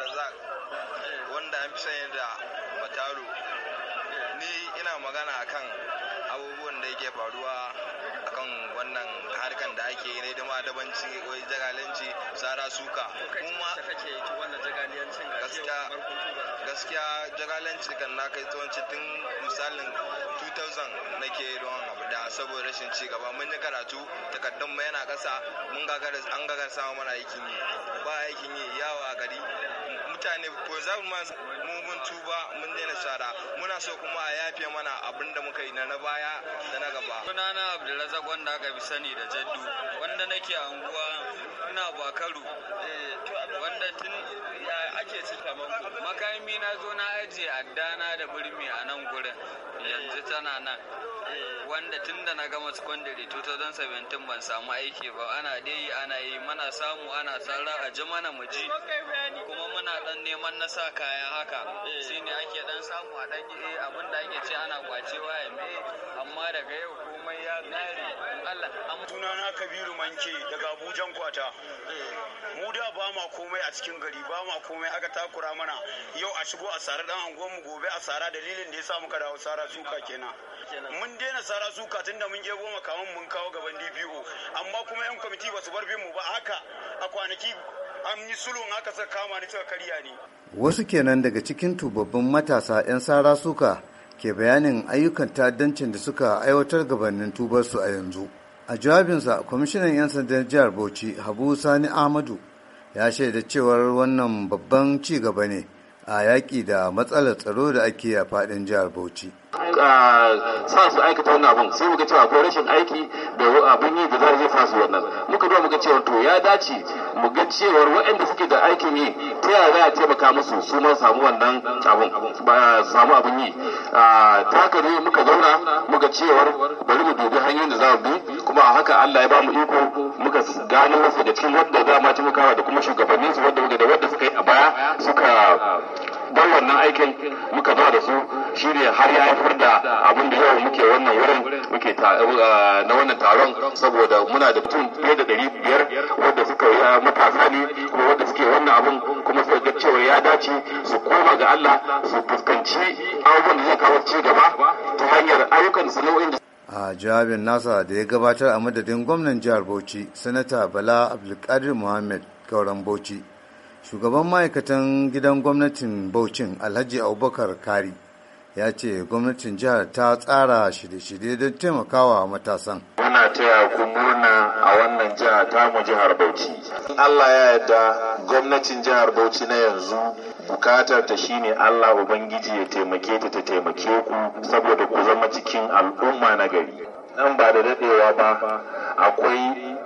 abdulrazak wanda an fi sanya da batalo ni ina magana a kan abubuwan da yake faruwa kan wannan harkan da ake yi na hidima dabanci wai jagalanci tsara suka kuma gaskiya jagalanci kan na kai tsawanci tun misalin 2000 nake ruwan abu da saboda rashin ci gaba mun yi karatu takardun mu yana kasa mun gagara an gagara samun mana aikin ba ne ko za mu mun tuba mun daina shara muna so kuma a yafe mana abinda muka yi na baya da na gaba sunana abdulrazak wanda aka fi sani da jaddu wanda nake anguwa ina bakaru eh, wanda tun ya ake cika maku makami na zo na ajiye addana da birni a nan gurin yanzu tana nan wanda tun da na gama secondary 2017 ban samu aiki ba ana dai ana yi mana samu ana tsara a ji mana mu ji. kuma muna dan neman na sa kaya haka shine ake dan samu a dan eh abin da ake ce ana kwacewa ya me amma daga yau komai ya tsari. Allah na Kabiru Manke daga Abuja kwata mu da ba ma komai a cikin gari ba kama komai aka takura mana yau a shigo a sara dan anguwan mu gobe a sara dalilin da ya sa muka dawo sara suka kenan mun daina sara suka tunda mun je goma kamun mun kawo gaban DPO amma kuma yan kwamiti ba su bar bin mu ba haka a kwanaki an yi sulun haka suka kama ni suka kariya ne. wasu kenan daga cikin tubabbin matasa yan sara suka ke bayanin ayyukan ta'addancin da suka aiwatar gabanin tubarsu a yanzu a jawabinsa kwamishinan 'yan sandan jihar bauchi habu sani ahmadu ya shaida cewar wannan babban ci gaba ne a yaƙi da matsalar tsaro da ake a faɗin jihar Bauchi. sa su aikata wannan abun sai muka cewa akwai rashin aiki da abun yi da za zai sa su wannan muka duba muka cewa to ya dace mu ga cewar waɗanda suke da aikin yi ta yaya za a taimaka musu su ma samu wannan abun ba samu abun yi ta haka ne muka zauna muka cewar bari mu dubi hanyoyin da za mu bi kuma a haka Allah ya ba mu iko muka gano wasu da cikin wanda za mu taimaka da kuma shugabanninsu wanda da wanda suka yi a baya suka don wannan aikin muka zo da su shine har ya haifar da abin da yau muke wannan wurin muke eh, na wannan taron saboda muna da mutum fiye da ɗari biyar wadda suka yi eh, matasa ne kuma wadda suke wannan abin kuma suka ga cewa ya dace su koma ga Allah su fuskanci abubuwan da zai kawo ci gaba ta hanyar ayyukan su da a jawabin nasa da ya gabatar a madadin gwamnan jihar bauchi sanata bala abdulkadir muhammad gauran bauchi shugaban ma'aikatan gidan gwamnatin Baucin, Alhaji Abubakar Kari ya ce gwamnatin jihar ta tsara shirye-shirye don taimakawa matasan. Muna taya ku murna a wannan jiha mu jihar Bauchi. Allah ya yarda gwamnatin jihar Bauchi na yanzu bukatar ta shine Allah Ubangiji ya taimake ta ta taimake ku saboda ku zama cikin al'umma na gari. Nan ba da dadewa ba akwai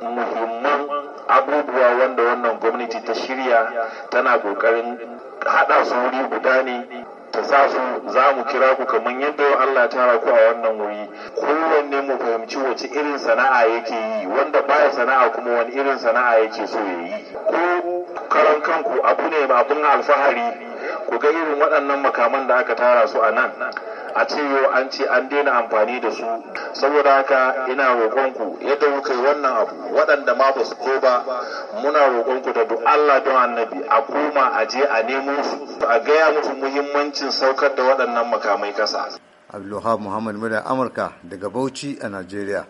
muhimman abubuwa wanda wannan gwamnati ta shirya tana ƙoƙarin haɗa su wuri guda ne ta sa su za mu kira ku kamar yadda Allah ta ku a wannan wuri kowanne mu fahimci wace irin sana'a yake yi wanda baya sana'a kuma wani irin sana'a yake so ya yi ko karan kanku abu ne abun alfahari ku ga irin waɗannan makaman da aka tara su a nan a ce yau an ce an daina amfani da su saboda haka ina roƙonku yadda kuka yi wannan abu waɗanda ma ba su zo ba muna roƙonku da duk Allah don annabi a koma a je a nemo su a gaya musu muhimmancin saukar da waɗannan makamai kasa. Abdulwahab Muhammad Mura Amurka daga Bauchi a Najeriya.